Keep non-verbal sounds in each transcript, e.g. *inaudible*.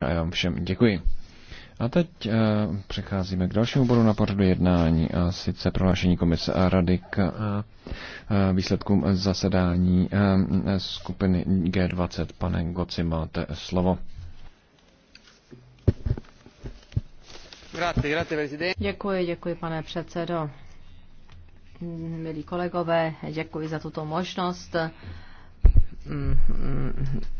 A já vám všem děkuji. A teď eh, přecházíme k dalšímu bodu na pořadu jednání, a sice prohlášení komise a rady k eh, eh, výsledkům zasedání skupiny G20. Pane Goci, máte slovo. Děkuji, děkuji, pane předsedo. Milí kolegové, děkuji za tuto možnost Mm, mm,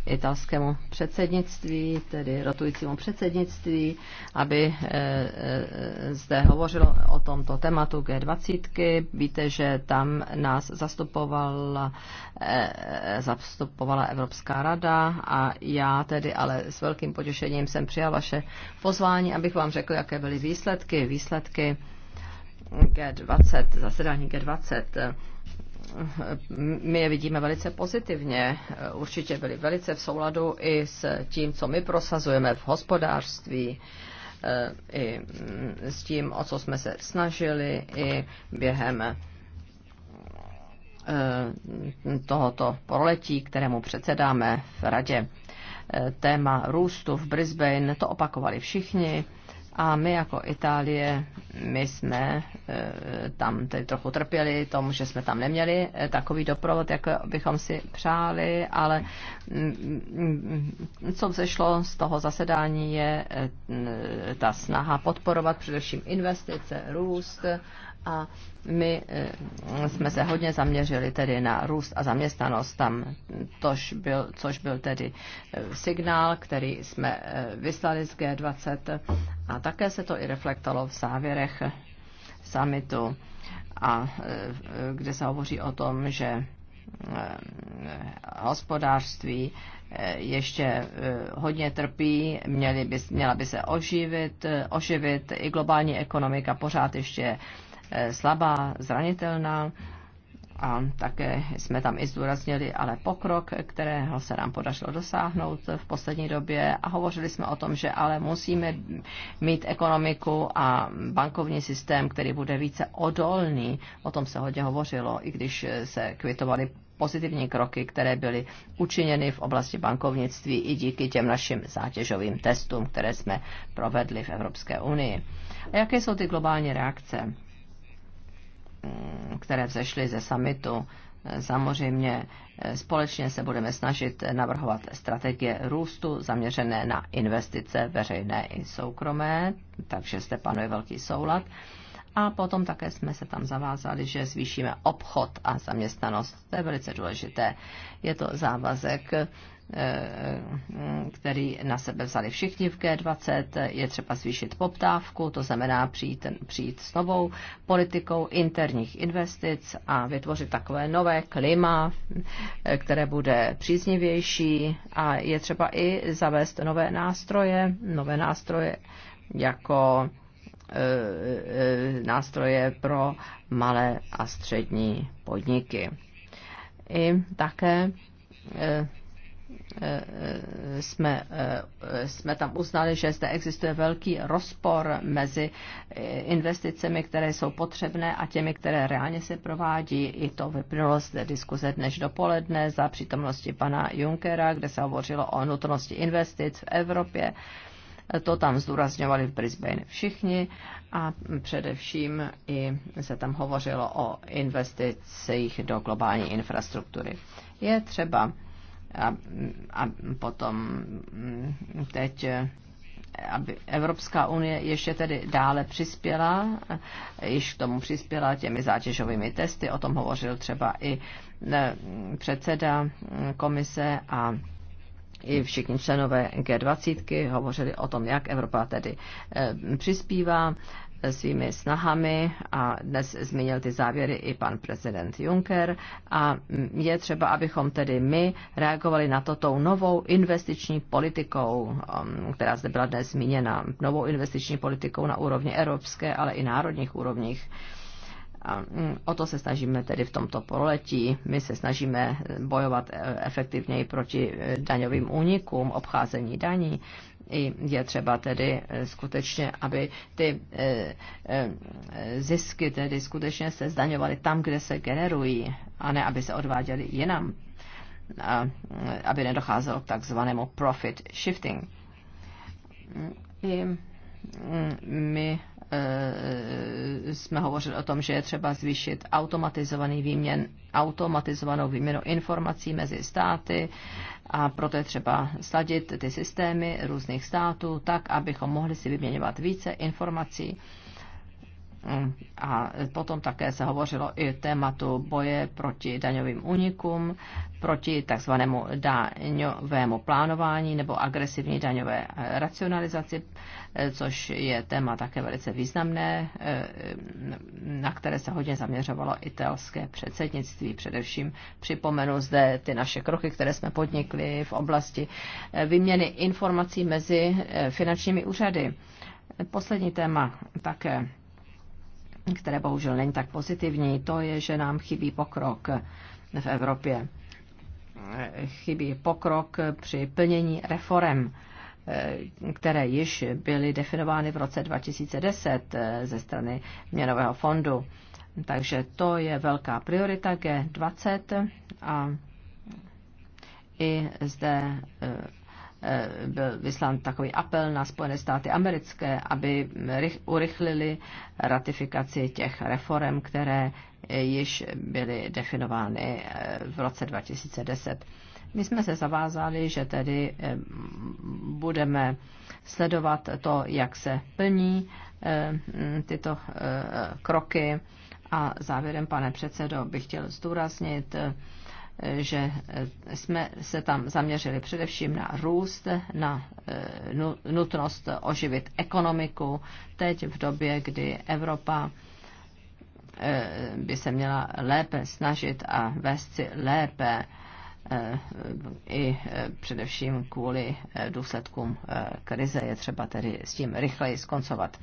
italskému předsednictví, tedy rotujícímu předsednictví, aby eh, eh, zde hovořilo o tomto tématu G20. Víte, že tam nás zastupovala, eh, zastupovala Evropská rada a já tedy ale s velkým potěšením jsem přijal vaše pozvání, abych vám řekl, jaké byly výsledky. Výsledky G20, zasedání G20 my je vidíme velice pozitivně. Určitě byly velice v souladu i s tím, co my prosazujeme v hospodářství, eh, i mm, s tím, o co jsme se snažili, i během eh, tohoto proletí, kterému předsedáme v radě. Eh, téma růstu v Brisbane, to opakovali všichni a my jako Itálie, my jsme eh, tam tedy trochu trpěli tomu, že jsme tam neměli eh, takový doprovod, jak bychom si přáli, ale mm, mm, co vzešlo z toho zasedání je eh, ta snaha podporovat především investice, růst, a my eh, jsme se hodně zaměřili tedy na růst a zaměstnanost tam, tož byl, což byl tedy eh, signál, který jsme eh, vyslali z G20 a také se to i reflektalo v závěrech summitu, a, kde se hovoří o tom, že hospodářství ještě hodně trpí, měly by, měla by se oživit, oživit i globální ekonomika pořád ještě Eh, slabá, zranitelná. A také jsme tam i zdůraznili ale pokrok, kterého se nám podařilo dosáhnout v poslední době a hovořili jsme o tom, že ale musíme mít ekonomiku a bankovní systém, který bude více odolný. O tom se hodně hovořilo, i když se kvitovaly pozitivní kroky, které byly učiněny v oblasti bankovnictví i díky těm našim zátěžovým testům, které jsme provedli v Evropské unii. A jaké jsou ty globální reakce? Mm, které vzešly ze samitu. Samozřejmě eh, společně se budeme snažit navrhovat strategie růstu zaměřené na investice veřejné i soukromé, takže zde panuje velký soulad. A potom také jsme se tam zavázali, že zvýšíme obchod a zaměstnanost. To je velice důležité. Je to závazek, Eh, který na sebe vzali všichni v G20, je třeba zvýšit poptávku, to znamená přijít, přijít s novou politikou interních investic a vytvořit takové nové klima, eh, které bude příznivější a je třeba i zavést nové nástroje, nové nástroje jako eh, nástroje pro malé a střední podniky. I také Eh, eh, jsme, eh, jsme tam uznali, že zde existuje velký rozpor mezi investicemi, které jsou potřebné a těmi, které reálně se provádí. I to vyplynulo z diskuze dnes dopoledne za přítomnosti pana Junkera, kde se hovořilo o nutnosti investic v Evropě. To tam zdůrazňovali v Brisbane všichni a především i se tam hovořilo o investicích do globální infrastruktury. Je třeba a, a potom mm, teď aby Evropská unie ještě tedy dále přispěla, již k tomu přispěla těmi zátěžovými testy, o tom hovořil třeba i e, předseda mm, komise a i všichni členové G20 hovořili o tom, jak Evropa tedy e, přispívá svými snahami a dnes zmínil ty závěry i pan prezident Juncker a je třeba, abychom tedy my reagovali na to tou novou investiční politikou, um, která zde byla dnes zmíněna, novou investiční politikou na úrovni evropské, ale i národních úrovních. A mm, o to se snažíme tedy v tomto pololetí. My se snažíme bojovat eh, efektivněji proti eh, daňovým únikům, obcházení daní i je třeba tedy eh, skutečně, aby ty eh, eh, zisky tedy skutečně se zdaňovaly tam, kde se generují, a ne aby se odváděly jinam, a aby nedocházelo k takzvanému profit shifting. I mm, my Eh, jsme hovořili o tom, že je třeba zvýšit automatizovaný výměn, automatizovanou výměnu informací mezi státy a proto je třeba sladit ty systémy různých států tak, abychom mohli si vyměňovat více informací a potom také se hovořilo i tématu boje proti daňovým únikům, proti takzvanému daňovému plánování nebo agresivní daňové eh, racionalizaci, eh, což je téma také velice významné, eh, na které se hodně zaměřovalo italské předsednictví. Především připomenu zde ty naše kroky, které jsme podnikli v oblasti vyměny informací mezi finančními úřady. Poslední téma také které bohužel není tak pozitivní, to je, že nám chybí pokrok v Evropě. Chybí pokrok při plnění reform, které již byly definovány v roce 2010 ze strany Měnového fondu. Takže to je velká priorita G20 a i zde Eh, byl vyslán takový apel na Spojené státy americké, aby urychlili ratifikaci těch reform, které eh, již byly definovány eh, v roce 2010. My jsme se zavázali, že tedy budeme sledovat to, jak se plní tyto kroky. A závěrem, pane předsedo, bych chtěl zdůraznit, že eh, jsme se tam zaměřili především na růst, na eh, nutnost oživit ekonomiku. Teď v době, kdy Evropa eh, by se měla lépe snažit a vést si lépe i především kvůli důsledkům krize je třeba tedy s tím rychleji skoncovat.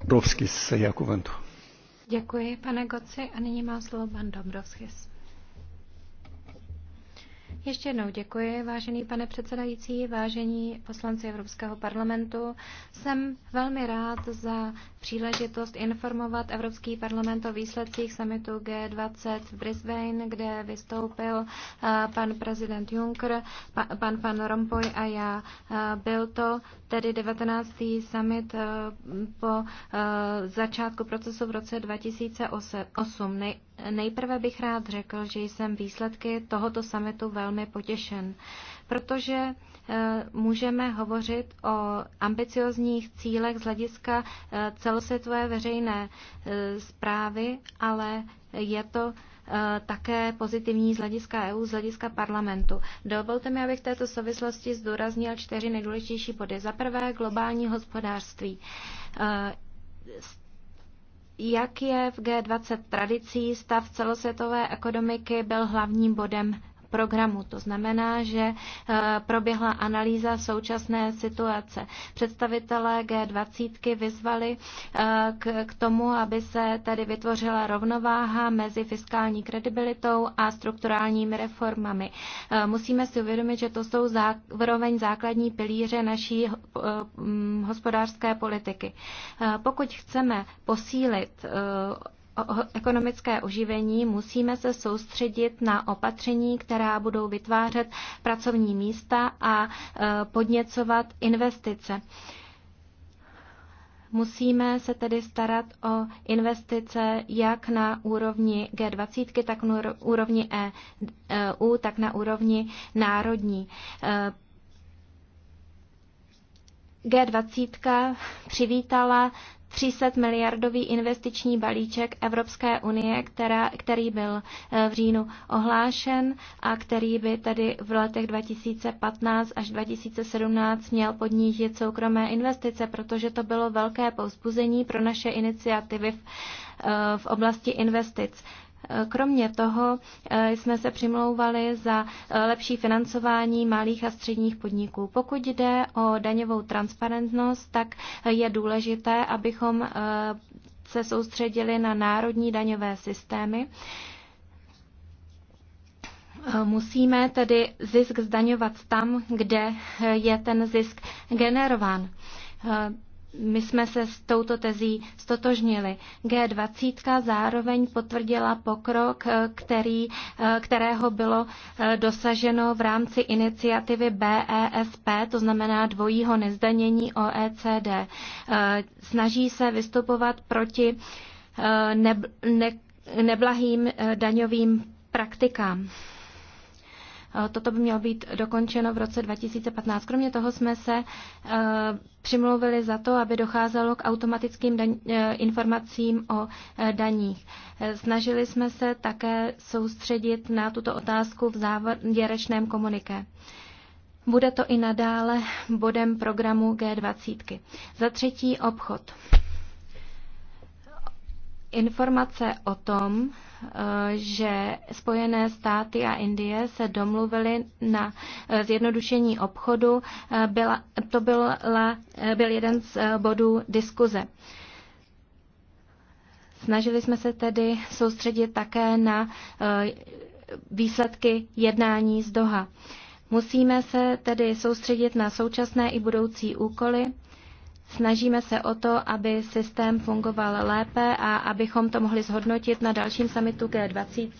Dobrovský se jako Děkuji, pane Goci, a nyní má slovo pan Dobrovský. Ještě jednou děkuji, vážený pane předsedající, vážení poslanci Evropského parlamentu. Jsem velmi rád za příležitost informovat Evropský parlament o výsledcích summitu G20 v Brisbane, kde vystoupil eh, pan prezident Juncker, pan pan Rompoy a já. Eh, byl to tedy 19. summit eh, po začátku procesu v roce 2008. Nejprve bych rád řekl, že jsem výsledky tohoto summitu velmi potěšen, protože eh, můžeme hovořit o ambiciozních cílech z hlediska eh, celosvětové veřejné eh, zprávy, ale je to také pozitivní z hlediska EU, z hlediska parlamentu. Dovolte mi, abych v této souvislosti zdůraznil čtyři nejdůležitější body. Za prvé globální hospodářství jak je v G20 tradicí, stav celosvětové ekonomiky byl hlavním bodem programu. To znamená, že eh, proběhla analýza současné situace. Představitelé G20 vyzvali eh, k tomu, aby se tady vytvořila rovnováha mezi fiskální kredibilitou a strukturálními reformami. Eh, musíme si uvědomit, že to jsou zároveň základní pilíře naší hospodářské politiky. Pokud chceme posílit ekonomické oživení, musíme se soustředit na opatření, která budou vytvářet pracovní místa a e, podněcovat investice. Musíme se tedy starat o investice jak na úrovni G20, tak na úrovni EU, e tak na úrovni národní. E, G20 přivítala 300 miliardový investiční balíček Evropské unie, která, který byl eh, v říjnu ohlášen a který by tedy v letech 2015 až 2017 měl podnížit soukromé investice, protože to bylo velké povzbuzení pro naše iniciativy v, eh, v oblasti investic. Kromě toho eh, jsme se přimlouvali za eh, lepší financování malých a středních podniků. Pokud jde o daňovou transparentnost, tak je důležité, abychom eh, se soustředili na národní daňové systémy. Musíme tedy zisk zdaňovat tam, kde je ten zisk generován my jsme se s touto tezí stotožnili. G20 zároveň potvrdila pokrok, eh, který, eh, kterého bylo eh, dosaženo v rámci iniciativy BESP, to znamená dvojího nezdanění OECD. Snaží se vystupovat proti neblahým daňovým praktikám. Toto by mělo být dokončeno v roce 2015. Kromě toho jsme se e, přimluvili za to, aby docházelo k automatickým daň, e, informacím o e, daních. Snažili jsme se také soustředit na tuto otázku v závěrečném komuniké. Bude to i nadále bodem programu G20. Za třetí obchod informace o tom, že Spojené státy a Indie se domluvili na eh, zjednodušení obchodu. Eh, byla, to byla, eh, byl jeden z bodů diskuze. Snažili jsme se tedy soustředit také na výsledky jednání z Doha. Musíme se tedy soustředit na současné i budoucí úkoly Snažíme se o to, aby systém fungoval lépe a abychom to mohli zhodnotit na dalším samitu G20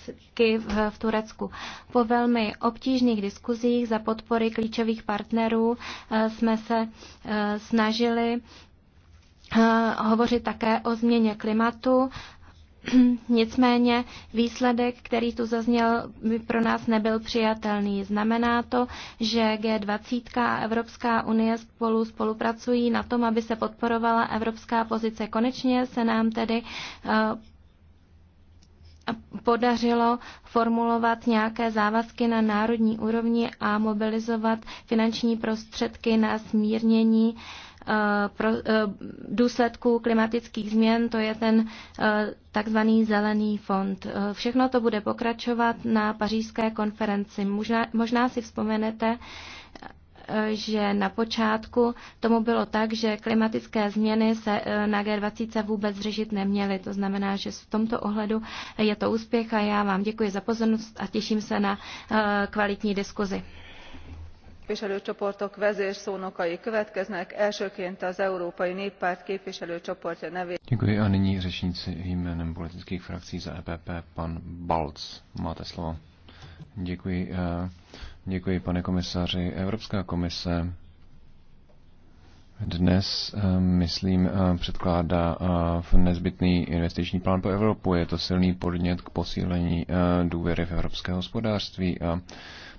v Turecku. Po velmi obtížných diskuzích za podpory klíčových partnerů eh, jsme se eh, snažili eh, hovořit také o změně klimatu *clears throat* Nicméně výsledek, který tu zazněl, by pro nás nebyl přijatelný. Znamená to, že G20 a Evropská unie spolu spolupracují na tom, aby se podporovala evropská pozice. Konečně se nám tedy eh, podařilo formulovat nějaké závazky na národní úrovni a mobilizovat finanční prostředky na smírnění uh, Eh, eh, důsledků klimatických změn, to je ten eh, takzvaný zelený fond. Všechno to bude pokračovat na pařížské konferenci. Možná, možná si vzpomenete, že na počátku tomu bylo tak, že klimatické změny se na G20 vůbec řešit neměly. To znamená, že v tomto ohledu je to úspěch a já vám děkuji za pozornost a těším se na kvalitní diskuzi képviselőcsoportok vezérszónokai következnek elsőként az európai néppárt képviselőcsoportja nevében. Děkuji frakcí za EPP, pan Máte slovo. Děkuji. Eh, děkuji, komisaři. Evropská komise dnes, eh, myslím, eh, předkládá v nezbytný investiční plán pro Evropu. Je to silný podnět k posílení důvěry v evropské hospodářství a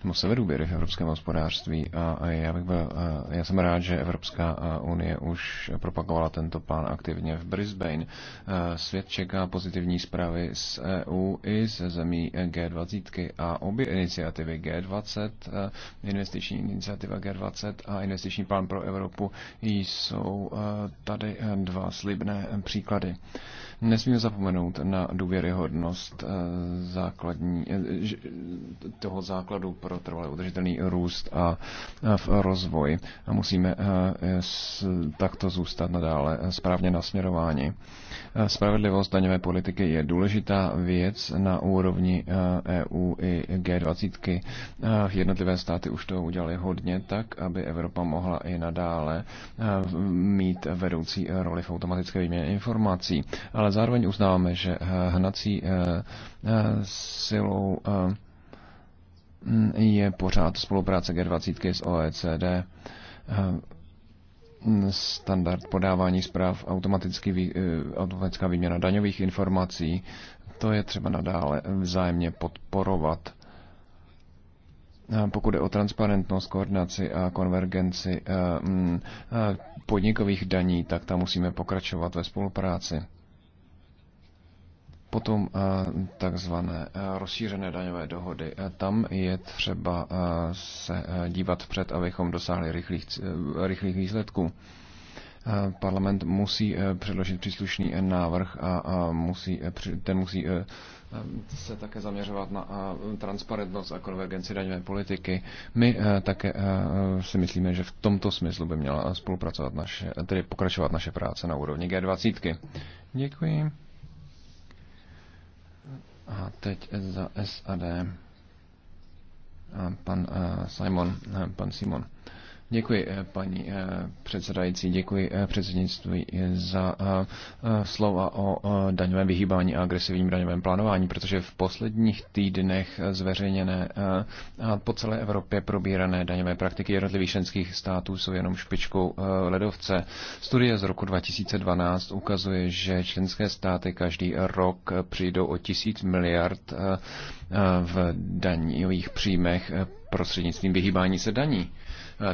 nebo vedou běry v evropském hospodářství. A já, bych byl, já jsem rád, že Evropská unie už propagovala tento plán aktivně v Brisbane. Svět čeká pozitivní zprávy z EU i ze zemí G20 a obě iniciativy G20, investiční iniciativa G20 a investiční plán pro Evropu jsou tady dva slibné příklady. Nesmíme zapomenout na důvěryhodnost eh, základní, eh, toho základu pro trvalý udržitelný růst a v rozvoj. A musíme eh, takto zůstat nadále správně nasměrováni. Spravedlivost daňové politiky je důležitá věc na úrovni EU e i G20. Jednotlivé státy už to udělali hodně tak, aby Evropa mohla i nadále mít vedoucí roli v automatické výměně informací. Ale ale zároveň uznáváme, že eh, hnací eh, eh, silou je pořád spolupráce G20 s OECD, standard podávání zpráv, automatický, automatická výměna daňových informací. To je třeba nadále vzájemně podporovat. Pokud je o transparentnost, koordinaci a konvergenci mm, podnikových daní, tak tam musíme pokračovat ve spolupráci. Potom eh, takzvané eh, rozšířené daňové dohody. Eh, tam je třeba se dívat před, abychom dosáhli rychlých, rychlých výsledků. Parlament musí předložit příslušný návrh a musí, ten musí se také zaměřovat na transparentnost a konvergenci daňové politiky. My také si myslíme, že v tomto smyslu by měla spolupracovat naše, tedy pokračovat naše práce na úrovni G20. Děkuji. A teď za SAD a pan eh, Simon, eh, pan Simon. Děkuji, eh, paní eh, předsedající, děkuji eh, předsednictví za slova o daňovém vyhýbání a agresivním daňovém plánování, protože v posledních týdnech zveřejněné a po celé Evropě probírané daňové praktiky jednotlivých členských států jsou jenom špičkou ledovce. Studie z roku 2012 ukazuje, že členské státy každý rok přijdou o tisíc miliard v daňových příjmech prostřednictvím vyhýbání se daní.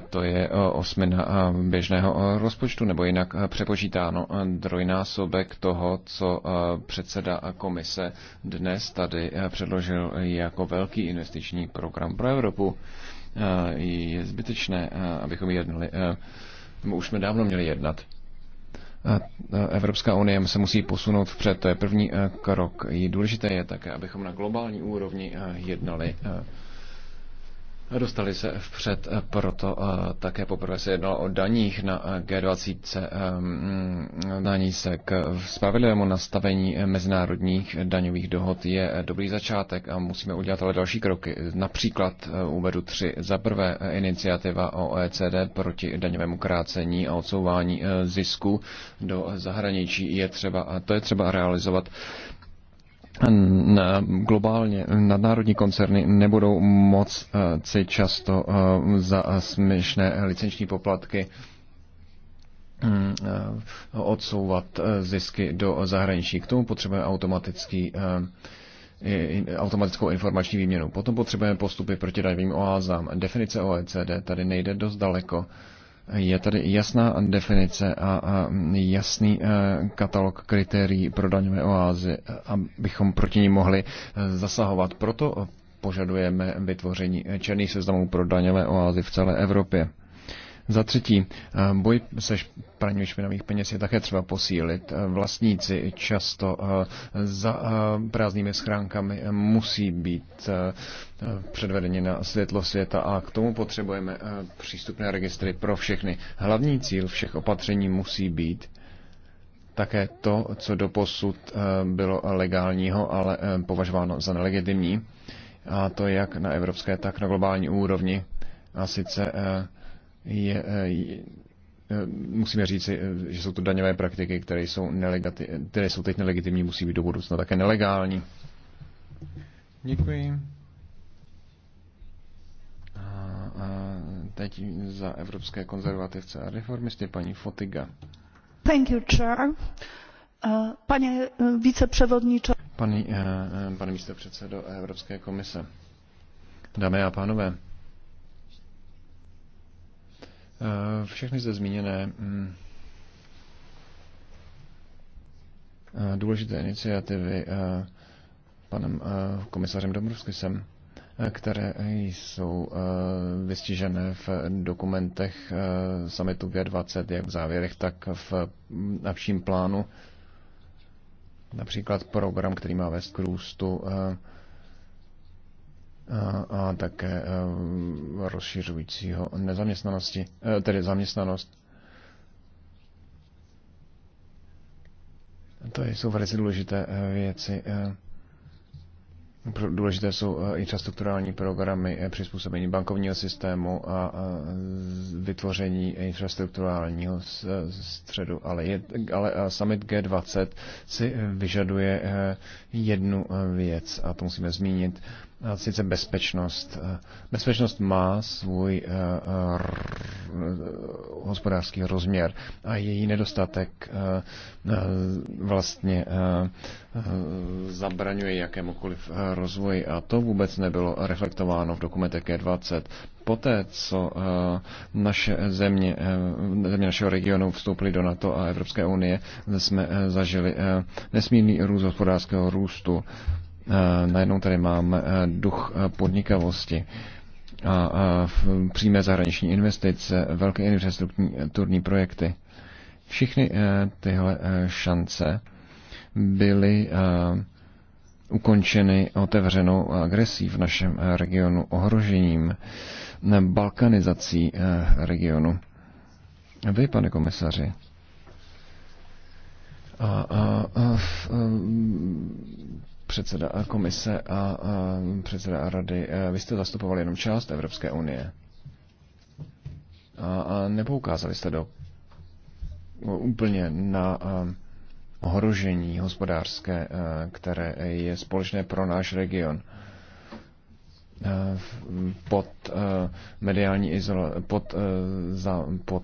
To je e, osmina e, běžného e, rozpočtu, nebo jinak přepočítáno trojnásobek toho, co předseda komise dnes tady předložil jako velký investiční program pro Evropu. Je zbytečné, abychom jednali. Už jsme dávno měli jednat. Evropská unie se musí posunout vpřed. To je první krok. Důležité je také, abychom na globální úrovni jednali Dostali se vpřed, eh, proto eh, také poprvé se jednalo o daních na eh, G20, ehm, mm, daní se k spravedlivému nastavení mezinárodních daňových dohod je dobrý začátek a musíme udělat ale další kroky. Například uvedu tři. Za prvé iniciativa OECD proti daňovému krácení a odsouvání zisku do zahraničí je třeba, to je třeba realizovat globálně nadnárodní koncerny nebudou moc eh, si často eh, za směšné licenční poplatky mm, eh, odsouvat zisky do zahraničí. K tomu potřebujeme automatický automatickou informační výměnu. Potom potřebujeme postupy proti daňovým oázám. Definice OECD tady nejde dost daleko. Je tady jasná definice a jasný e, katalog kritérií pro daňové oázy, abychom proti ní mohli e, zasahovat. Proto požadujeme vytvoření černých seznamů pro daňové oázy v celé Evropě. Za třetí, eh, boj se praním špinavých peněz je také třeba posílit. Eh, vlastníci často eh, za prázdnými schránkami musí být předvedeni na světlo světa a k tomu potřebujeme přístupné registry pro všechny. Hlavní cíl všech opatření musí být také to, co doposud bylo legálního, ale považováno za nelegitimní, a to jak na evropské, tak na globální úrovni, a sice je, eh, je eh, musíme říct, eh, že jsou to daňové praktiky, které jsou, nelegati- které jsou teď nelegitimní, musí být do budoucna také nelegální. Děkuji. A, a teď za evropské konzervativce a reformisty paní Fotiga. Thank you, chair. Uh, pane uh, pane Pani, uh, pane místopředsedo Evropské komise. Dámy a pánové, Eh, všechny zde zmíněné mm, eh, důležité iniciativy eh, panem komisařem Domrovským, které jsou vystižené v dokumentech summitu G20, jak v závěrech, tak v mm, napším plánu. Například program, který má vést k růstu a také eh, rozšiřujícího nezaměstnanosti, eh, tedy zaměstnanost. To jsou velice důležité eh, věci. Důležité jsou infrastrukturální programy, přizpůsobení bankovního systému a vytvoření infrastrukturálního středu. Ale, je, ale summit G20 si vyžaduje jednu věc a to musíme zmínit a sice bezpečnost. Eh, bezpečnost má svůj eh, eh, hospodářský rozměr a její nedostatek vlastně zabraňuje jakémukoliv rozvoji a to vůbec nebylo reflektováno v dokumentech G20. Poté, co naše země, země našeho regionu vstoupily do NATO a Evropské unie, jsme zažili nesmírný růst hospodářského růstu Eh, najednou tady máme eh, duch eh, podnikavosti a přímé zahraniční investice, velké infrastrukturní projekty. Všechny tyhle šance byly ukončeny otevřenou agresí v našem regionu, ohrožením, balkanizací regionu. Vy, pane komisaři, a, a, a, a předseda komise a předseda rady, e, vy jste zastupovali jenom část Evropské unie. A, a nepoukázali jste do úplně na ohrožení hospodářské, e, které je společné pro náš region e, pod mediální izolace, pod, za, pod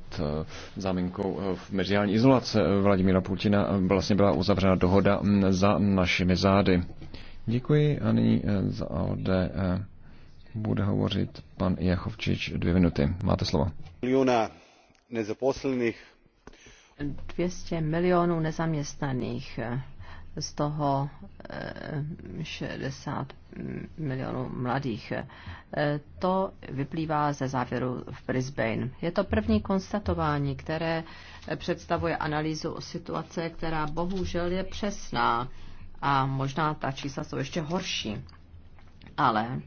záminkou v mediální izolace Vladimíra Putina vlastně byla uzavřena dohoda za našimi zády. Děkuji a nyní eh, za AOD eh, bude hovořit pan Jachovčič dvě minuty. Máte slovo. Miliona nezaposlených. 200 milionů nezaměstnaných, z toho 60 eh, milionů mladých. To vyplývá ze závěru v Brisbane. Je to první konstatování, které představuje analýzu situace, která bohužel je přesná a možná ta čísla jsou ještě horší. Ale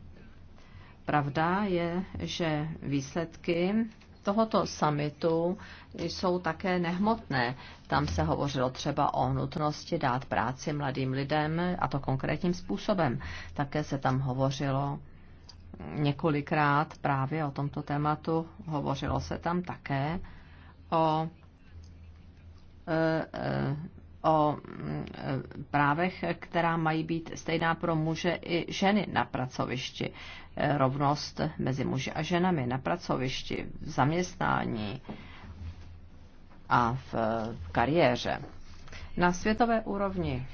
pravda je, že výsledky tohoto summitu jsou také nehmotné. Tam se hovořilo třeba o nutnosti dát práci mladým lidem, a to konkrétním způsobem. Také se tam hovořilo několikrát právě o tomto tématu. Hovořilo se tam také o e, e, o mm, e, právech, která mají být stejná pro muže i ženy na pracovišti. E, rovnost mezi muži a ženami na pracovišti, v zaměstnání a v e, kariéře. Na světové úrovni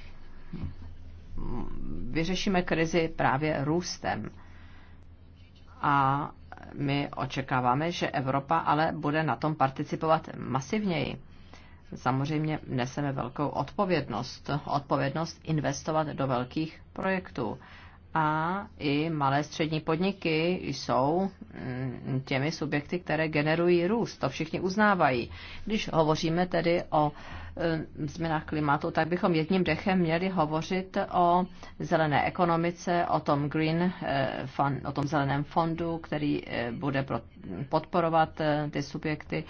mm, vyřešíme krizi právě růstem. A my očekáváme, že Evropa ale bude na tom participovat masivněji samozřejmě neseme velkou odpovědnost. Odpovědnost investovat do velkých projektů. A i malé střední podniky jsou mm, těmi subjekty, které generují růst. To všichni uznávají. Když hovoříme tedy o e, změnách klimatu, tak bychom jedním dechem měli hovořit o zelené ekonomice, o tom Green e, o tom zeleném fondu, který e, bude podporovat ty subjekty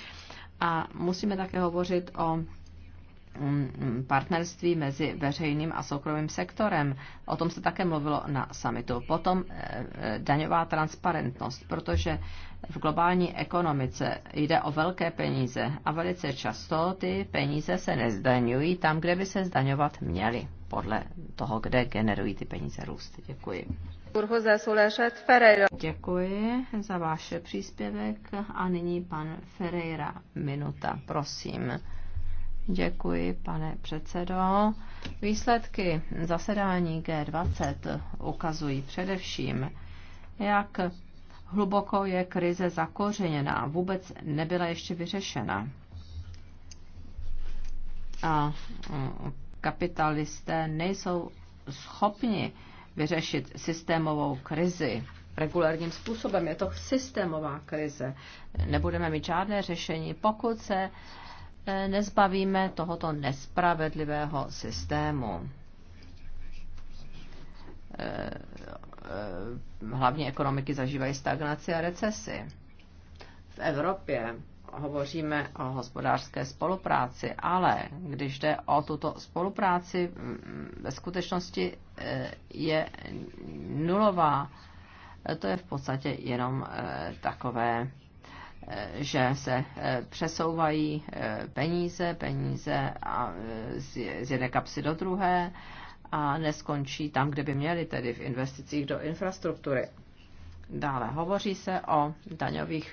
a musíme také hovořit o mm, mm, partnerství mezi veřejným a soukromým sektorem. O tom se také mluvilo na summitu. Potom eh, eh, daňová transparentnost, protože v globální ekonomice jde o velké peníze a velice často ty peníze se nezdaňují tam, kde by se zdaňovat měly, podle toho, kde generují ty peníze růst. Děkuji. Děkuji za váš příspěvek a nyní pan Ferreira. Minuta, prosím. Děkuji, pane předsedo. Výsledky zasedání G20 ukazují především, jak hluboko je krize zakořeněná, vůbec nebyla ještě vyřešena. A mm, kapitalisté nejsou schopni vyřešit systémovou krizi regulárním způsobem. Je to systémová krize. Nebudeme mít žádné řešení, pokud se eh, nezbavíme tohoto nespravedlivého systému. Eh, eh, hlavně ekonomiky zažívají stagnaci a recesi. V Evropě hovoříme o hospodářské spolupráci, ale když jde o tuto spolupráci, mm, ve skutečnosti eh, je nulová. To je v podstatě jenom eh, takové, eh, že se přesouvají peníze, peníze z jedné kapsy do druhé a neskončí tam, kde by měli tedy v investicích do infrastruktury. Dále hovoří se o daňových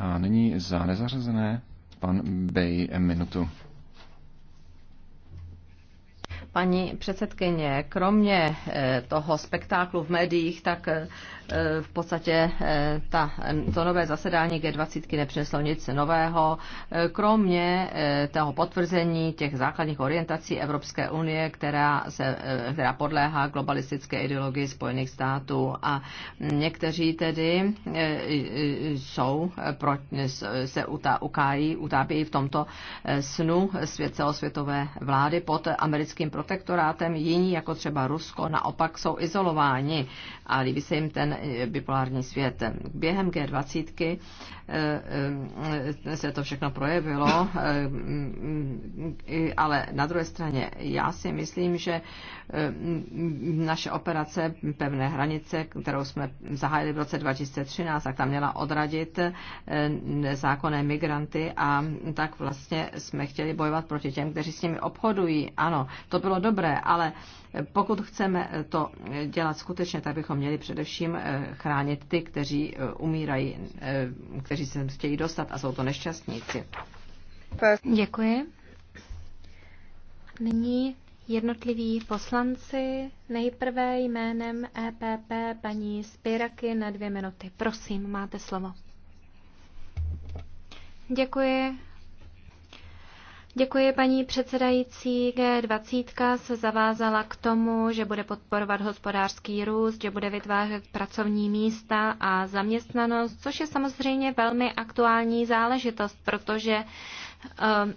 A nyní za nezařazené pan Bej minutu. Paní předsedkyně, kromě eh, toho spektáklu v médiích, tak eh, v podstatě eh, ta, to nové zasedání G20 nepřineslo nic nového, kromě toho potvrzení těch základních orientací Evropské unie, která, se, která podléhá globalistické ideologii Spojených států a někteří tedy jsou, se ukájí, utápějí v tomto snu svět celosvětové vlády pod americkým protektorátem, jiní, jako třeba Rusko, naopak jsou izolováni a líbí se jim ten eh, bipolární svět. Během G20 eh, eh, se to všechno projevilo, mm, ale na druhé straně já si myslím, že naše operace pevné hranice, kterou jsme zahájili v roce 2013, tak tam měla odradit nezákonné migranty a tak vlastně jsme chtěli bojovat proti těm, kteří s nimi obchodují. Ano, to bylo bylo dobré, ale pokud chceme to dělat skutečně, tak bychom měli především eh, chránit ty, kteří eh, umírají, eh, kteří se chtějí dostat a jsou to nešťastníci. Děkuji. Nyní jednotliví poslanci, nejprve jménem EPP paní Spiraky na dvě minuty. Prosím, máte slovo. Děkuji, Děkuji, paní předsedající. G20 se zavázala k tomu, že bude podporovat hospodářský růst, že bude vytvářet pracovní místa a zaměstnanost, což je samozřejmě velmi aktuální záležitost, protože eh,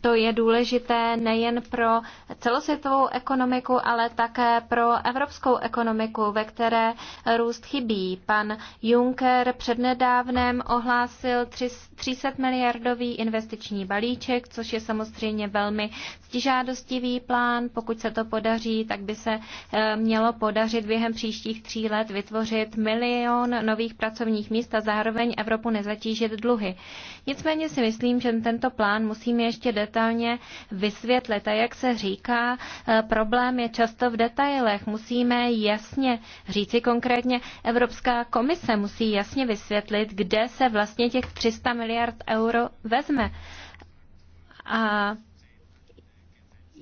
to je důležité nejen pro celosvětovou ekonomiku, ale také pro evropskou ekonomiku, ve které růst chybí. Pan Juncker přednedávnem ohlásil 300 miliardový investiční balíček, což je samozřejmě velmi stižádostivý plán. Pokud se to podaří, tak by se eh, mělo podařit během příštích tří let vytvořit milion nových pracovních míst a zároveň Evropu nezatížit dluhy. Nicméně si myslím, že tento plán musíme ještě ještě detailně vysvětlit. A jak se říká, eh, problém je často v detailech. Musíme jasně říci konkrétně, Evropská komise musí jasně vysvětlit, kde se vlastně těch 300 miliard euro vezme. A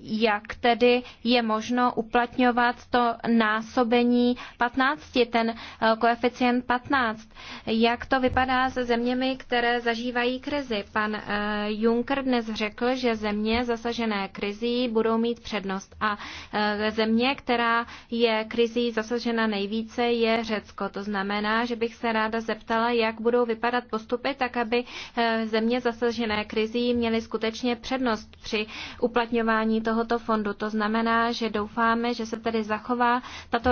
jak tedy je možno uplatňovat to násobení 15, ten eh, koeficient 15. Jak to vypadá se zeměmi, které zažívají krizi? Pan eh, Juncker dnes řekl, že země zasažené krizí budou mít přednost a eh, země, která je krizí zasažena nejvíce, je Řecko. To znamená, že bych se ráda zeptala, jak budou vypadat postupy, tak aby země zasažené krizí měly skutečně přednost při uplatňování tohoto fondu. To znamená, že doufáme, že se tedy zachová tato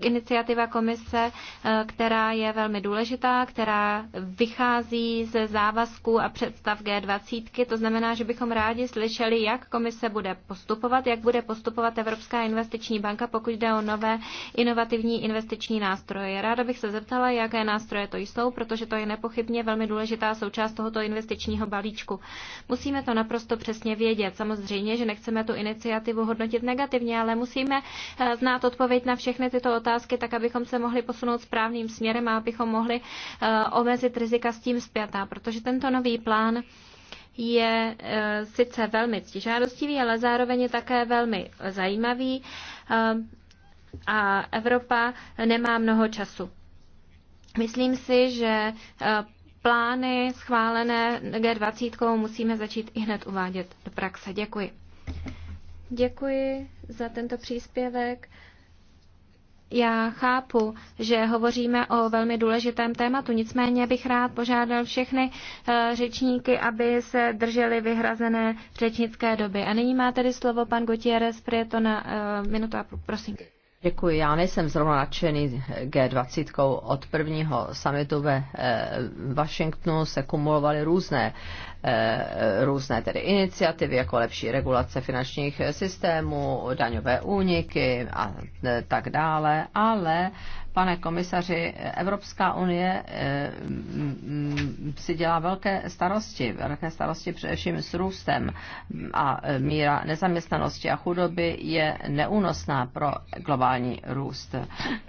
iniciativa komise, eh, která je velmi důležitá, která vychází ze závazků a představ G20. To znamená, že bychom rádi slyšeli, jak komise bude postupovat, jak bude postupovat Evropská investiční banka, pokud jde o nové inovativní investiční nástroje. Ráda bych se zeptala, jaké nástroje to jsou, protože to je nepochybně velmi důležitá součást tohoto investičního balíčku. Musíme to naprosto přesně vědět. Samozřejmě, že nechceme tu iniciativu hodnotit negativně, ale musíme eh, znát odpověď na všechny tyto otázky, tak abychom se mohli posunout správným směrem a abychom mohli eh, omezit rizika s tím zpětá, protože tento nový plán je eh, sice velmi ctižádostivý, ale zároveň je také velmi zajímavý a Evropa nemá mnoho času. Myslím si, že plány schválené G20 musíme začít i hned uvádět do praxe. Děkuji. Děkuji za tento příspěvek. Já chápu, že hovoříme o velmi důležitém tématu, nicméně bych rád požádal všechny eh, řečníky, aby se drželi vyhrazené řečnické doby. A nyní má tedy slovo pan Gutierrez Prieto na eh, minutu a půl. Prosím. Děkuji. Já nejsem zrovna nadšený G20. Od prvního samitu ve eh, Washingtonu se kumulovaly různé, eh, různé tedy iniciativy, jako lepší regulace finančních eh, systémů, daňové úniky a tak dále, ale Pane komisaři, Evropská unie eh, mm, mm, si dělá velké starosti, velké starosti především s růstem a míra nezaměstnanosti a chudoby je neúnosná pro globální růst.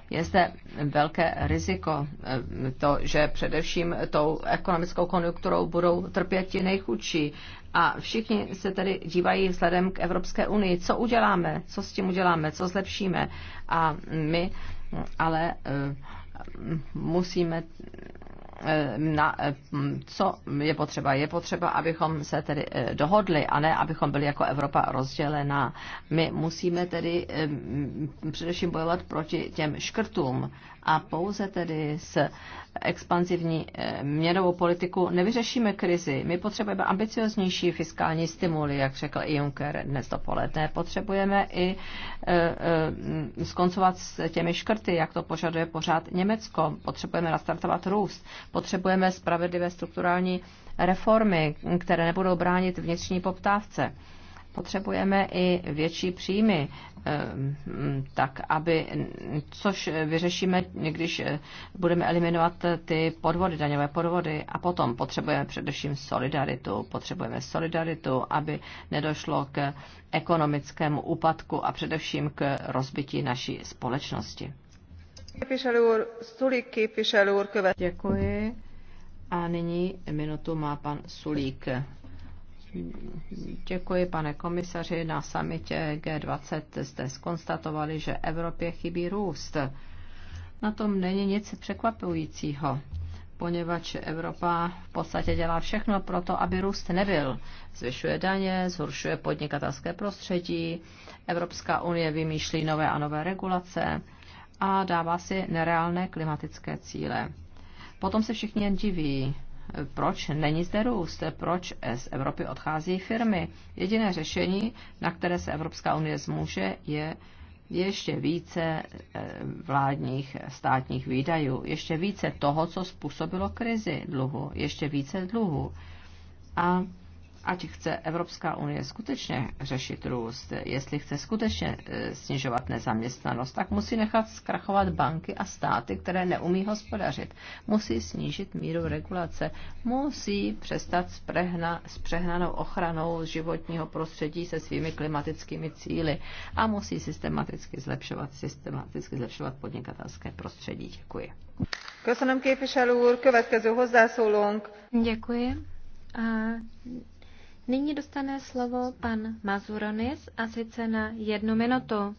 Je zde velké riziko eh, to, že především tou ekonomickou konjunkturou budou trpět ti nejchudší a všichni se tedy dívají vzhledem k Evropské unii, co uděláme, co s tím uděláme, co zlepšíme. A my ale eh, musíme eh, na, eh, co je potřeba? Je potřeba, abychom se tedy dohodli a ne, abychom byli jako Evropa rozdělená. My musíme tedy především bojovat proti těm škrtům a pouze tedy s expanzivní eh, měnovou politiku nevyřešíme krizi. My potřebujeme ambicioznější fiskální stimuly, jak řekl i Juncker dnes dopoledne. Potřebujeme i eh, eh, skoncovat s těmi škrty, jak to požaduje pořád Německo. Potřebujeme nastartovat růst. Potřebujeme spravedlivé strukturální reformy, které nebudou bránit vnitřní poptávce potřebujeme i větší příjmy Ehm, tak aby, což vyřešíme, když eh, budeme eliminovat ty podvody, daňové podvody a potom potřebujeme především solidaritu, potřebujeme solidaritu, aby nedošlo k ekonomickému úpadku a především k rozbití naší společnosti. Děkuji. A nyní minutu má pan Sulík. Děkuji, pane komisaři. Na samitě G20 jste skonstatovali, že Evropě chybí růst. Na tom není nic překvapujícího, poněvadž Evropa v podstatě dělá všechno pro to, aby růst nebyl. Zvyšuje daně, zhoršuje podnikatelské prostředí, Evropská unie vymýšlí nové a nové regulace a dává si nereálné klimatické cíle. Potom se všichni jen diví, proč není zde růst, proč z Evropy odchází firmy. Jediné řešení, na které se Evropská unie zmůže, je ještě více eh, vládních státních výdajů, ještě více toho, co způsobilo krizi dluhu, ještě více dluhu. A ať chce Evropská unie skutečně řešit růst, jestli chce skutečně e, snižovat nezaměstnanost, tak musí nechat zkrachovat banky a státy, které neumí hospodařit. Musí snížit míru regulace, musí přestat s, prehna, s přehnanou ochranou životního prostředí se svými klimatickými cíly a musí systematicky zlepšovat, systematicky zlepšovat podnikatelské prostředí. Děkuji. Köszönöm Děkuji. A Nyní dostane slovo pan Mazuronis a sice na jednu minutu.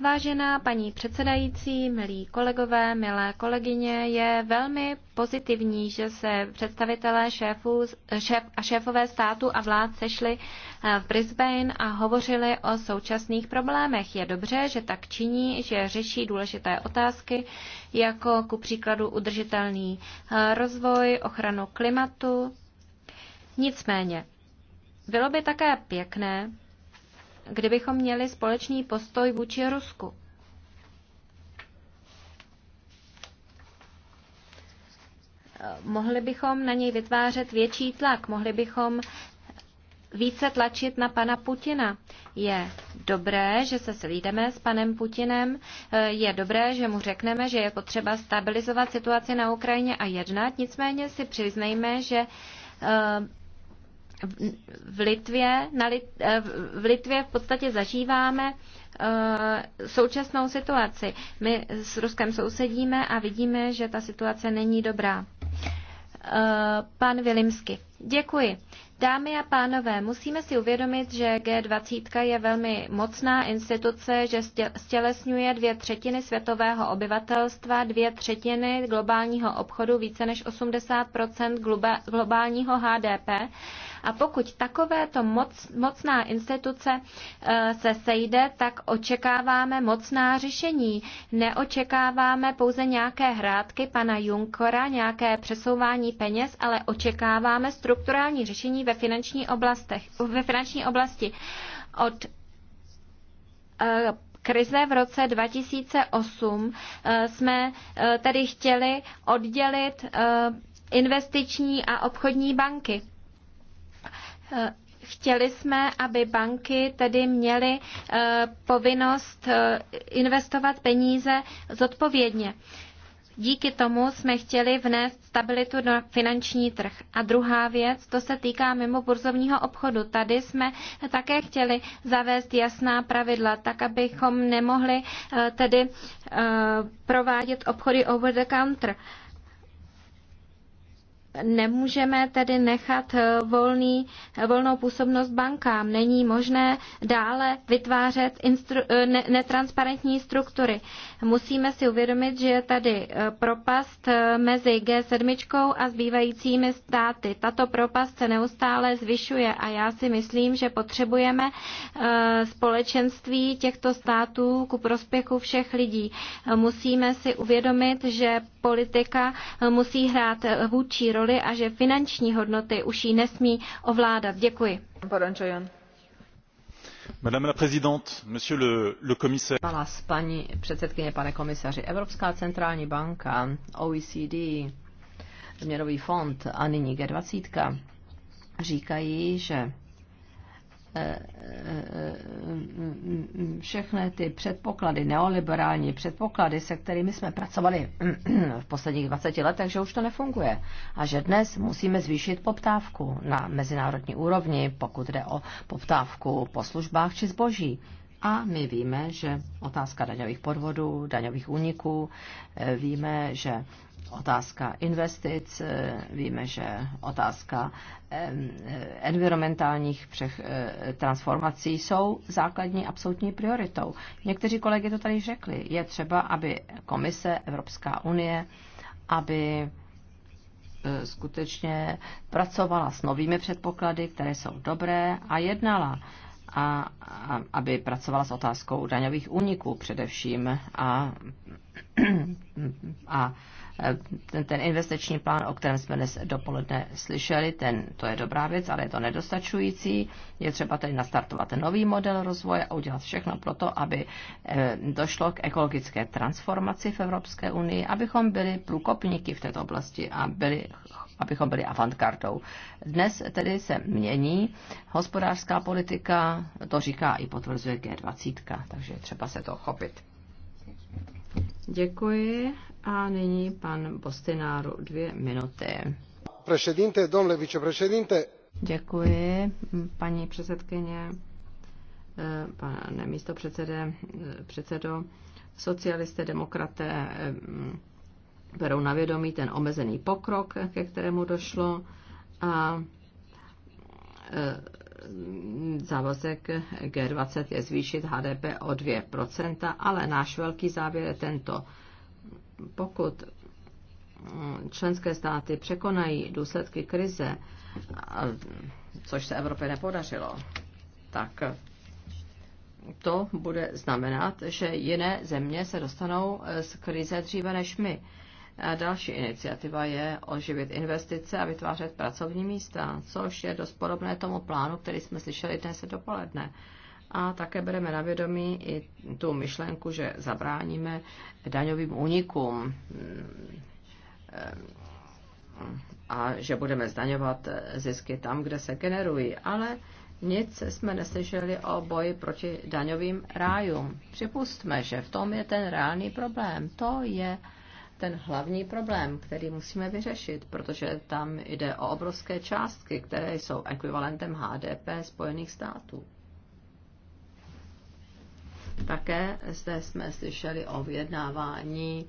Vážená paní předsedající, milí kolegové, milé kolegyně, je velmi pozitivní, že se představitelé šéfů, šéf a šéfové státu a vlád sešli eh, v Brisbane a hovořili o současných problémech. Je dobře, že tak činí, že řeší důležité otázky, jako ku příkladu udržitelný eh, rozvoj, ochranu klimatu. Nicméně, bylo by také pěkné, kdybychom měli společný postoj vůči Rusku. Mohli bychom na něj vytvářet větší tlak, mohli bychom více tlačit na pana Putina. Je dobré, že se slídeme s panem Putinem, je dobré, že mu řekneme, že je potřeba stabilizovat situaci na Ukrajině a jednat, nicméně si přiznejme, že eh, v Litvě, na Lit, eh, v Litvě v podstatě zažíváme eh, současnou situaci. My s Ruskem sousedíme a vidíme, že ta situace není dobrá. Eh, pan Vilimsky. Děkuji. Dámy a pánové, musíme si uvědomit, že G20 je velmi mocná instituce, že stělesňuje dvě třetiny světového obyvatelstva, dvě třetiny globálního obchodu, více než 80 globálního HDP. A pokud takovéto moc, mocná instituce eh, se sejde, tak očekáváme mocná řešení. Neočekáváme pouze nějaké hrádky pana Junkora, nějaké přesouvání peněz, ale očekáváme strukturální řešení ve finanční, oblastech, ve finanční oblasti. Od eh, krize v roce 2008 eh, jsme eh, tedy chtěli oddělit investiční a obchodní banky. Chtěli jsme, aby banky tedy měly povinnost investovat peníze zodpovědně. Díky tomu jsme chtěli vnést stabilitu na finanční trh. A druhá věc, to se týká mimo burzovního obchodu. Tady jsme také chtěli zavést jasná pravidla, tak abychom nemohli eh, tedy eh, provádět obchody over the counter nemůžeme tedy nechat eh, volný, eh, volnou působnost bankám. Není možné dále vytvářet instru, eh, ne, netransparentní struktury. Musíme si uvědomit, že je tady propast mezi G7 a zbývajícími státy. Tato propast se neustále zvyšuje a já si myslím, že potřebujeme společenství těchto států ku prospěchu všech lidí. Musíme si uvědomit, že politika musí hrát vůči roli roli a že finanční hodnoty už ji nesmí ovládat. Děkuji. Madame la présidente, monsieur le, le commissaire. Palas, paní předsedkyně, pane komisaři, Evropská centrální banka, OECD, Měnový fond a nyní G20 říkají, že všechny ty předpoklady, neoliberální předpoklady, se kterými jsme pracovali *clears throat* v posledních 20 letech, že už to nefunguje. A že dnes musíme zvýšit poptávku na mezinárodní úrovni, pokud jde o poptávku po službách či zboží. A my víme, že otázka daňových podvodů, daňových úniků, eh, víme, že otázka investic, eh, víme, že otázka eh, environmentálních eh, transformací jsou základní absolutní prioritou. Někteří kolegy to tady řekli. Je třeba, aby komise Evropská unie, aby skutečně pracovala s novými předpoklady, které jsou dobré a jednala a, a aby pracovala s otázkou daňových úniků především a, *clears throat* a ten investiční plán, o kterém jsme dnes dopoledne slyšeli, ten, to je dobrá věc, ale je to nedostačující. Je třeba tedy nastartovat nový model rozvoje a udělat všechno pro to, aby eh, došlo k ekologické transformaci v Evropské unii, abychom byli průkopníky v této oblasti a byli abychom byli avantgardou. Dnes tedy se mění hospodářská politika, to říká i potvrzuje G20, takže třeba se to chopit. Děkuji a nyní pan Bostináru dvě minuty. Președinte, domnule vicepreședinte. Děkuji, paní předsedkyně, eh, pane místo předsede, eh, předsedo, socialisté, demokraté eh, berou na vědomí ten omezený pokrok, ke kterému došlo a závazek G20 je zvýšit HDP o 2%, ale náš velký závěr je tento. Pokud členské státy překonají důsledky krize, což se Evropě nepodařilo, tak to bude znamenat, že jiné země se dostanou z krize dříve než my. A další iniciativa je oživit investice a vytvářet pracovní místa, což je dost podobné tomu plánu, který jsme slyšeli dnes dopoledne. A také bereme na vědomí i tu myšlenku, že zabráníme daňovým únikům a že budeme zdaňovat zisky tam, kde se generují. Ale nic jsme neslyšeli o boji proti daňovým rájům. Připustme, že v tom je ten reálný problém. To je ten hlavní problém, který musíme vyřešit, protože tam jde o obrovské částky, které jsou ekvivalentem HDP Spojených států. Také zde jsme slyšeli o vyjednávání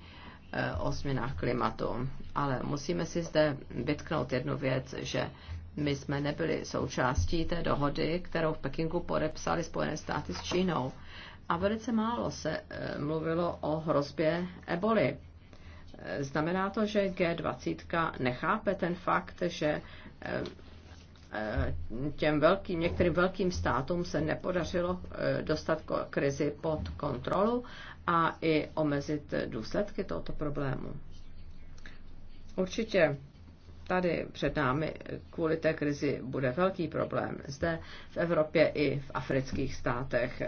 eh, o změnách klimatu, ale musíme si zde vytknout jednu věc, že my jsme nebyli součástí té dohody, kterou v Pekingu podepsali Spojené státy s Čínou. A velice málo se eh, mluvilo o hrozbě eboli. Znamená to, že G20 nechápe ten fakt, že eh, eh, těm velkým, některým velkým státům se nepodařilo eh, dostat krizi pod kontrolu a i omezit důsledky tohoto problému. Určitě tady před námi kvůli té krizi bude velký problém. Zde v Evropě i v afrických státech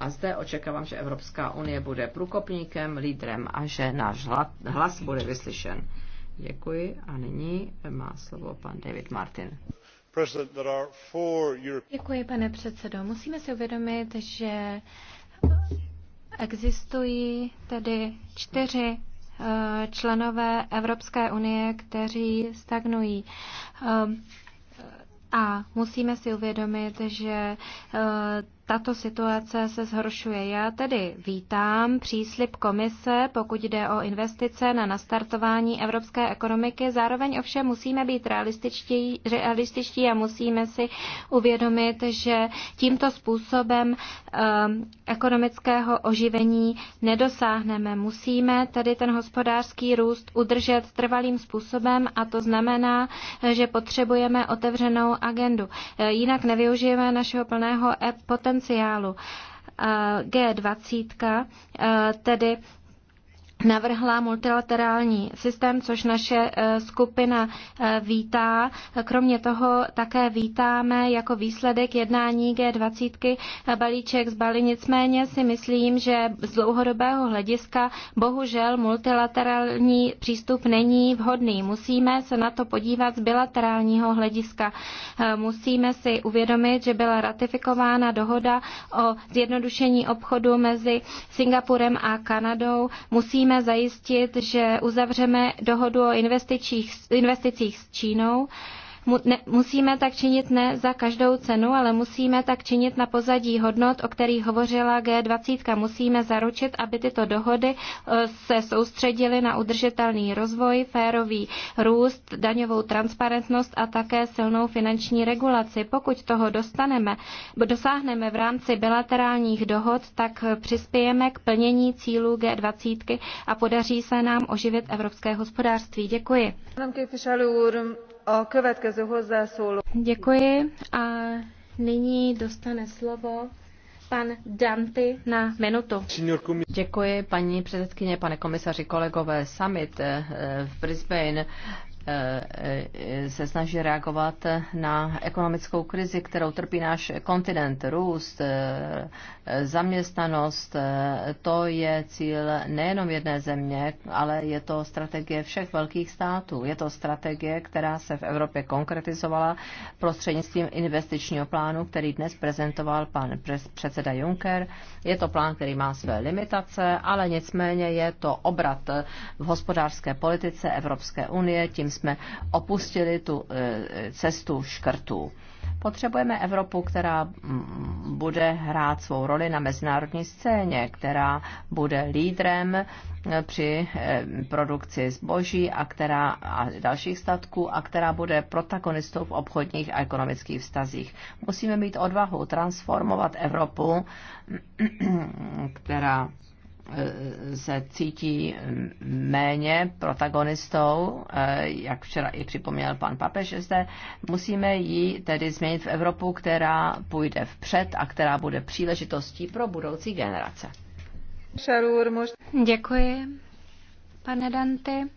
a zde očekávám, že Evropská unie bude průkopníkem, lídrem a že náš hlas bude vyslyšen. Děkuji a nyní má slovo pan David Martin. Děkuji, pane předsedo. Musíme si uvědomit, že existují tedy čtyři eh, členové Evropské unie, kteří stagnují. Eh, a musíme si uvědomit, že eh, tato situace se zhoršuje. Já tedy vítám příslip komise, pokud jde o investice na nastartování evropské ekonomiky. Zároveň ovšem musíme být realističtí, realističtí a musíme si uvědomit, že tímto způsobem um, ekonomického oživení nedosáhneme. Musíme tedy ten hospodářský růst udržet trvalým způsobem a to znamená, že potřebujeme otevřenou agendu. Jinak nevyužijeme našeho plného e- potenciálu potenciálu. Eh, G20 eh, tedy navrhla multilaterální systém, což naše eh, skupina eh, vítá. Kromě toho také vítáme jako výsledek jednání G20 eh, balíček z Bali. Nicméně si myslím, že z dlouhodobého hlediska bohužel multilaterální přístup není vhodný. Musíme se na to podívat z bilaterálního hlediska. Musíme si uvědomit, že byla ratifikována dohoda o zjednodušení obchodu mezi Singapurem a Kanadou. Musíme musíme zajistit, že uzavřeme dohodu o investicích s Čínou, ne, musíme tak činit ne za každou cenu, ale musíme tak činit na pozadí hodnot, o kterých hovořila G20. Musíme zaručit, aby tyto dohody eh, se soustředily na udržitelný rozvoj, férový růst, daňovou transparentnost a také silnou finanční regulaci. Pokud toho dostaneme, dosáhneme v rámci bilaterálních dohod, tak eh, přispějeme k plnění cílů G20 a podaří se nám oživit evropské hospodářství. Děkuji. Děkuji a nyní dostane slovo pan Danty na minutu. Děkuji paní předsedkyně, pane komisaři, kolegové. Summit eh, v Brisbane eh, eh, se snaží reagovat na ekonomickou krizi, kterou trpí náš kontinent, růst, Zaměstnanost eh, to je cíl nejenom jedné země, ale je to strategie všech velkých států. Je to strategie, která se v Evropě konkretizovala prostřednictvím investičního plánu, který dnes prezentoval pan předseda Juncker. Je to plán, který má své limitace, ale nicméně je to obrat v hospodářské politice Evropské unie. Tím jsme opustili tu eh, cestu škrtů. Potřebujeme Evropu, která mm, bude hrát svou roli na mezinárodní scéně, která bude lídrem eh, při eh, produkci zboží a, která, a dalších statků a která bude protagonistou v obchodních a ekonomických vztazích. Musíme mít odvahu transformovat Evropu, *clears throat* která se cítí méně protagonistou, eh, jak včera i připomněl pan papež zde, musíme ji tedy změnit v Evropu, která půjde vpřed a která bude příležitostí pro budoucí generace. Děkuji, pane Dante.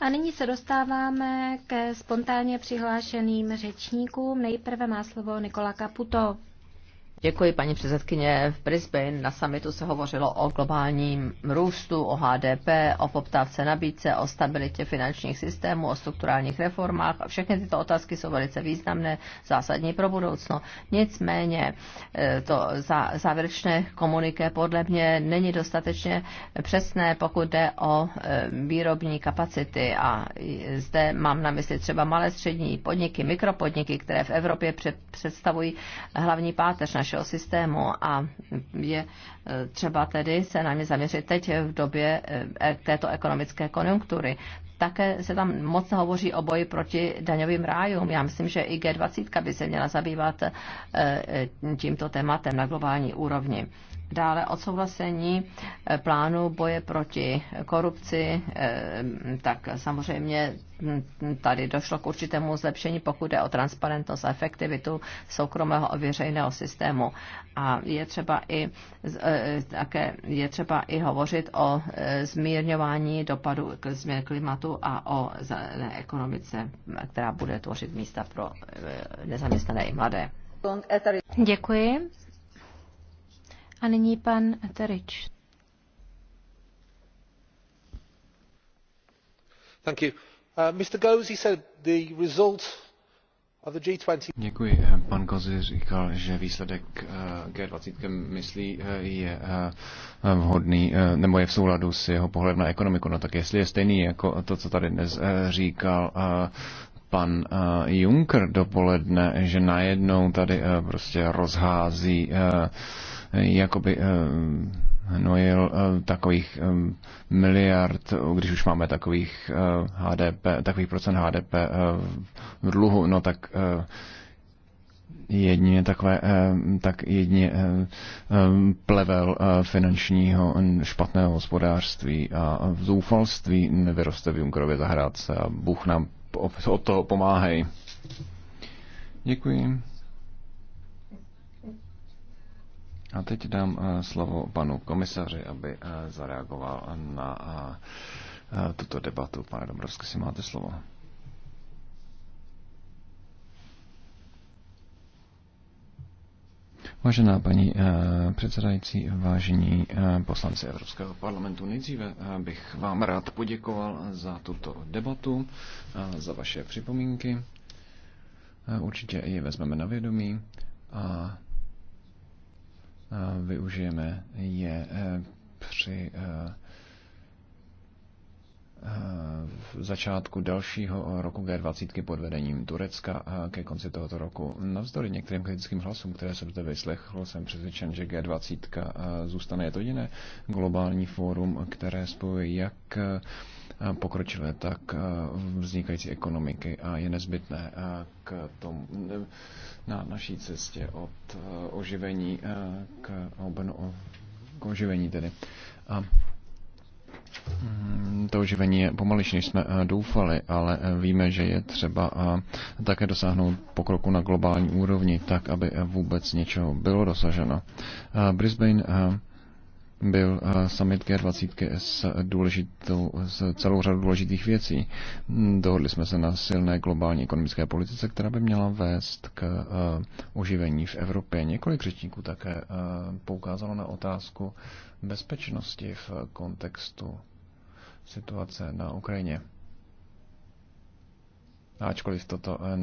A nyní se dostáváme ke spontánně přihlášeným řečníkům. Nejprve má slovo Nikola Kaputo. Děkuji, paní předsedkyně. V Brisbane na samitu se hovořilo o globálním růstu, o HDP, o poptávce nabídce, o stabilitě finančních systémů, o strukturálních reformách. Všechny tyto otázky jsou velice významné, zásadní pro budoucno. Nicméně eh, to závěrečné komuniké podle mě není dostatečně přesné, pokud jde o eh, výrobní kapacity. A zde mám na mysli třeba malé střední podniky, mikropodniky, které v Evropě představují hlavní páteř naše našeho systému a je e, třeba tedy se na ně zaměřit teď v době e, e, této ekonomické konjunktury. Také se tam moc hovoří o boji proti daňovým rájům. Já myslím, že i G20 by se měla zabývat tímto tématem na globální úrovni. Dále odsouhlasení eh, plánu boje proti eh, korupci, eh, tak samozřejmě hm, tady došlo k určitému zlepšení, pokud je o transparentnost a efektivitu soukromého a veřejného systému. A je třeba i, také je třeba i hovořit o zmírňování dopadu k změn klimatu a o ekonomice, která bude tvořit místa pro nezaměstnané i mladé. Děkuji. A nyní pan Eterič. Thank you. Uh, Mr. Gozi said the result Děkuji. Pan Gozi říkal, že výsledek uh, G20 myslí uh, je uh, vhodný, nebo je v souladu s jeho pohledem na ekonomiku. No tak jestli je stejný jako to, co tady dnes říkal pan Juncker dopoledne, že najednou tady prostě rozhází jakoby hnojil eh, eh, takových eh, miliard, když už máme takových HDP, takových procent HDP v dluhu, no tak jedině takové, tak jedině plevel finančního špatného hospodářství a zoufalství nevyroste v Junkerově zahrádce a Bůh nám od toho pomáhej. Děkuji. A teď dám eh, slovo panu komisaři, aby eh, zareagoval na eh, tuto debatu. Pane Dobrovský, si máte slovo. Vážená paní předsedající, vážení poslanci Evropského parlamentu, nejdříve bych vám rád poděkoval za tuto debatu, za vaše připomínky. Určitě je vezmeme na vědomí a využijeme, je eh, při eh, eh, v začátku dalšího roku G20 pod vedením Turecka ke konci tohoto roku. Navzdory některým kritickým hlasům, které jsem zde vyslechl, jsem přesvědčen, že G20 zůstane je to jediné globální fórum, které spojuje jak pokročilé, tak eh, vznikající ekonomiky a je nezbytné eh, k tomu, na naší cestě od eh, oživení k, obno, k oživení tedy. A mm, to oživení je pomalejší, než jsme doufali, ale víme, že je třeba také dosáhnout pokroku na globální úrovni, tak aby vůbec něčeho bylo dosaženo. Brisbane byl eh, summit G20 s, důležitou, s celou řadou důležitých věcí. Dohodli jsme se na silné globální ekonomické politice, která by měla vést k eh, oživení v Evropě. Několik řečníků také eh, poukázalo na otázku bezpečnosti v kontextu situace na Ukrajině. Ačkoliv toto eh,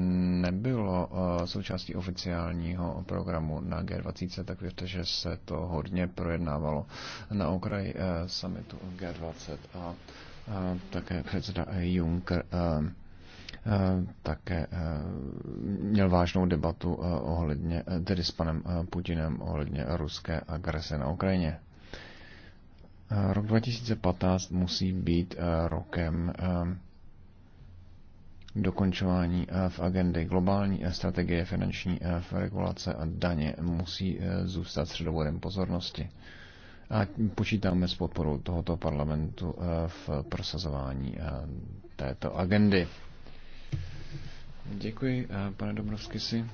nebylo eh, součástí oficiálního programu na G20, tak věřte, že se to hodně projednávalo na okraji eh, summitu G20 a také předseda Juncker také měl vážnou debatu ohledně, tedy s panem Putinem ohledně ruské agrese na Ukrajině. Rok 2015 musí být rokem dokončování eh, v agendy globální eh, strategie finanční eh, v regulace a daně musí zůstat středovodem pozornosti. A počítáme s podporou tohoto parlamentu v prosazování této agendy. Děkuji, pane Dobrovsky si.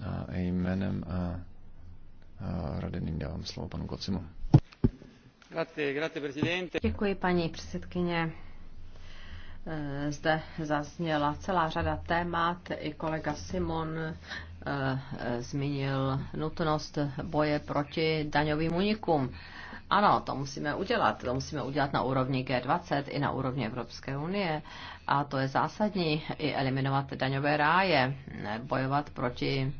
A jménem a, rady nyní dávám slovo panu Kocimu. Děkuji, paní předsedkyně. Eh, zde zazněla celá řada témat, i kolega Simon eh, zmínil nutnost boje proti daňovým unikům. Ano, to musíme udělat. To musíme udělat na úrovni G20 i na úrovni Evropské unie. A to je zásadní i eliminovat daňové ráje, bojovat proti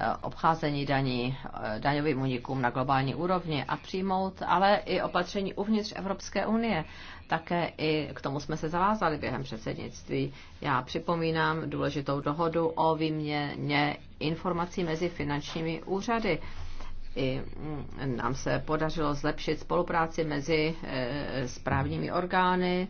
Eh, obcházení daní, eh, daňovým unikům na globální úrovni a přijmout ale i opatření uvnitř Evropské unie. Také i k tomu jsme se zavázali během předsednictví. Já připomínám důležitou dohodu o výměně informací mezi finančními úřady i mm, nám se podařilo zlepšit spolupráci mezi eh, správními orgány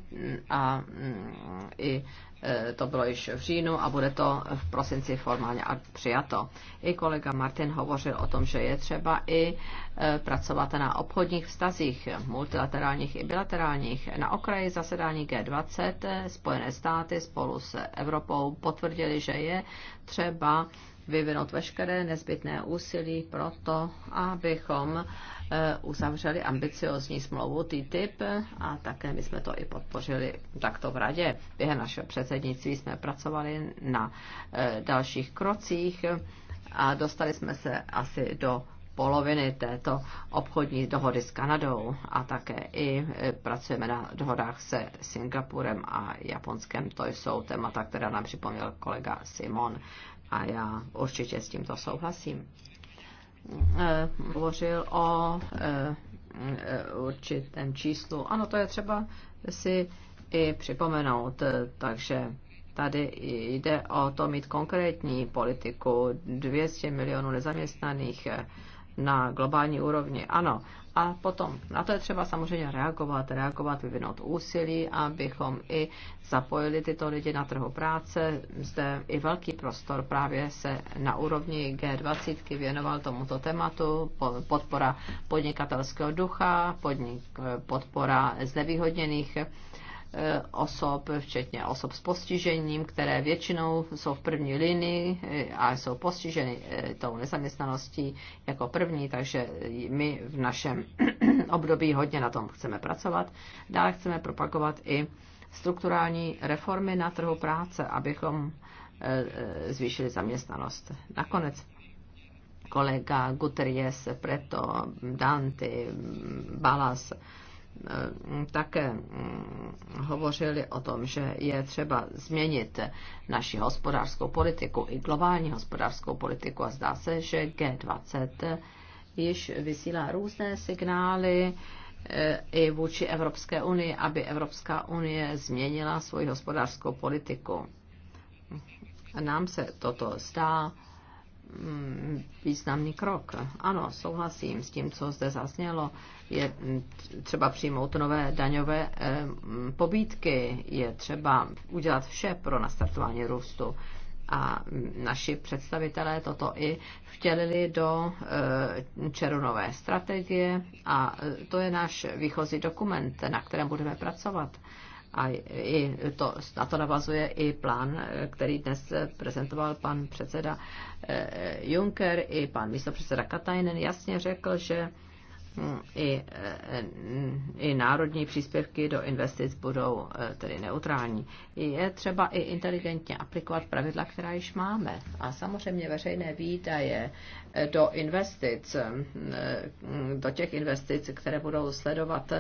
a mm, i E, to bylo již v říjnu a bude to v prosinci formálně přijato. I kolega Martin hovořil o tom, že je třeba i pracovat na obchodních vztazích, multilaterálních i bilaterálních. Na okraji zasedání G20 Spojené státy spolu s Evropou potvrdili, že je třeba vyvinout veškeré nezbytné úsilí pro to, abychom eh, uzavřeli ambiciozní smlouvu TTIP a také my jsme to i podpořili takto v radě. Během našeho předsednictví jsme pracovali na eh, dalších krocích a dostali jsme se asi do poloviny této obchodní dohody s Kanadou a také i e, pracujeme na dohodách se Singapurem a Japonskem. To jsou témata, která nám připomněl kolega Simon a já určitě s tímto souhlasím. E, hovořil o e, určitém číslu. Ano, to je třeba si i připomenout, takže tady jde o to mít konkrétní politiku. 200 milionů nezaměstnaných na globální úrovni. Ano. A potom na to je třeba samozřejmě reagovat, reagovat, vyvinout úsilí, abychom i zapojili tyto lidi na trhu práce. Zde i velký prostor právě se na úrovni G20 věnoval tomuto tématu, podpora podnikatelského ducha, podnik, podpora znevýhodněných Eh, osob, včetně osob s postižením, které většinou jsou v první linii eh, a jsou postiženy eh, tou nezaměstnaností jako první, takže my v našem *clears throat* období hodně na tom chceme pracovat. Dále chceme propagovat i strukturální reformy na trhu práce, abychom zvýšili zaměstnanost. Nakonec kolega Guterres, Preto, Dante, Balas také mm, hovořili o tom, že je třeba změnit naši hospodářskou politiku i globální hospodářskou politiku a zdá se, že G20 již vysílá různé signály eh, i vůči Evropské unii, aby Evropská unie změnila svoji hospodářskou politiku. Nám se toto zdá významný krok. Ano, souhlasím s tím, co zde zaznělo. Je třeba přijmout nové daňové eh, pobídky, je třeba udělat vše pro nastartování růstu. A naši představitelé toto i vtělili do eh, červnové strategie a eh, to je náš výchozí dokument, na kterém budeme pracovat. A i to, na to navazuje i plán, který dnes prezentoval pan předseda eh, Juncker i pan místopředseda Katajnen. Jasně řekl, že i, eh, i národní příspěvky do investic budou eh, tedy neutrální. Je třeba i inteligentně aplikovat pravidla, která již máme. A samozřejmě veřejné výdaje eh, do investic, do těch investic, které budou sledovat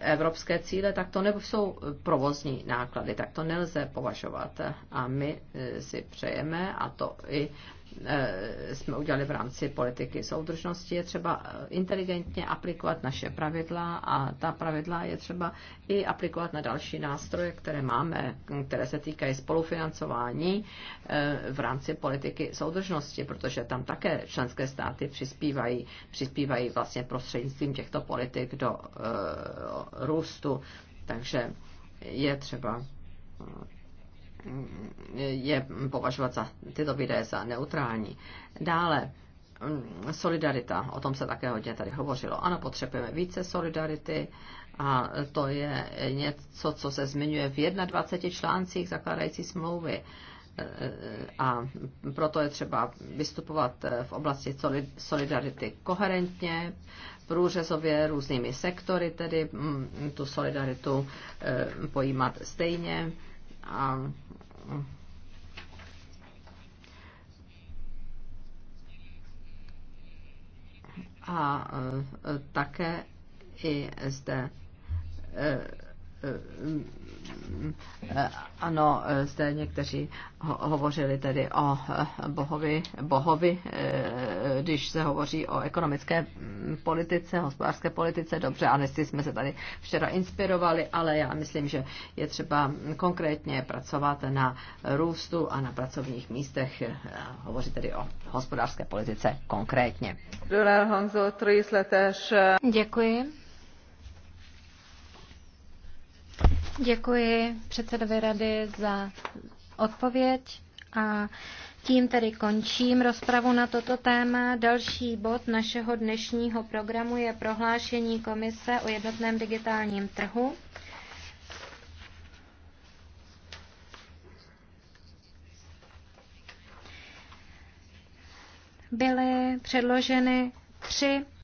evropské cíle, tak to nejsou provozní náklady, tak to nelze považovat. A my si přejeme, a to i Eh, jsme udělali v rámci politiky soudržnosti, je třeba eh, inteligentně aplikovat naše pravidla a ta pravidla je třeba i aplikovat na další nástroje, které máme, které se týkají spolufinancování eh, v rámci politiky soudržnosti, protože tam také členské státy přispívají, přispívají vlastně prostřednictvím těchto politik do růstu. Takže je třeba je považovat za tyto videa za neutrální. Dále, solidarita, o tom se také hodně tady hovořilo. Ano, potřebujeme více solidarity a to je něco, co se zmiňuje v 21 článcích zakládající smlouvy. A proto je třeba vystupovat v oblasti solidarity koherentně, průřezově různými sektory, tedy mm, tu solidaritu eh, pojímat stejně. A a e, také i zde e, Eh, eh, eh, ano, zde někteří hovořili tedy o bohovi, bohovi, když se hovoří o ekonomické mm, politice, hospodářské politice, dobře, a jsme se tady včera inspirovali, ale já myslím, že je třeba konkrétně pracovat na růstu a na pracovních místech, hovoří tedy o hospodářské politice konkrétně. Děkuji. Děkuji předsedovi rady za odpověď a tím tedy končím rozpravu na toto téma. Další bod našeho dnešního programu je prohlášení Komise o jednotném digitálním trhu. Byly předloženy tři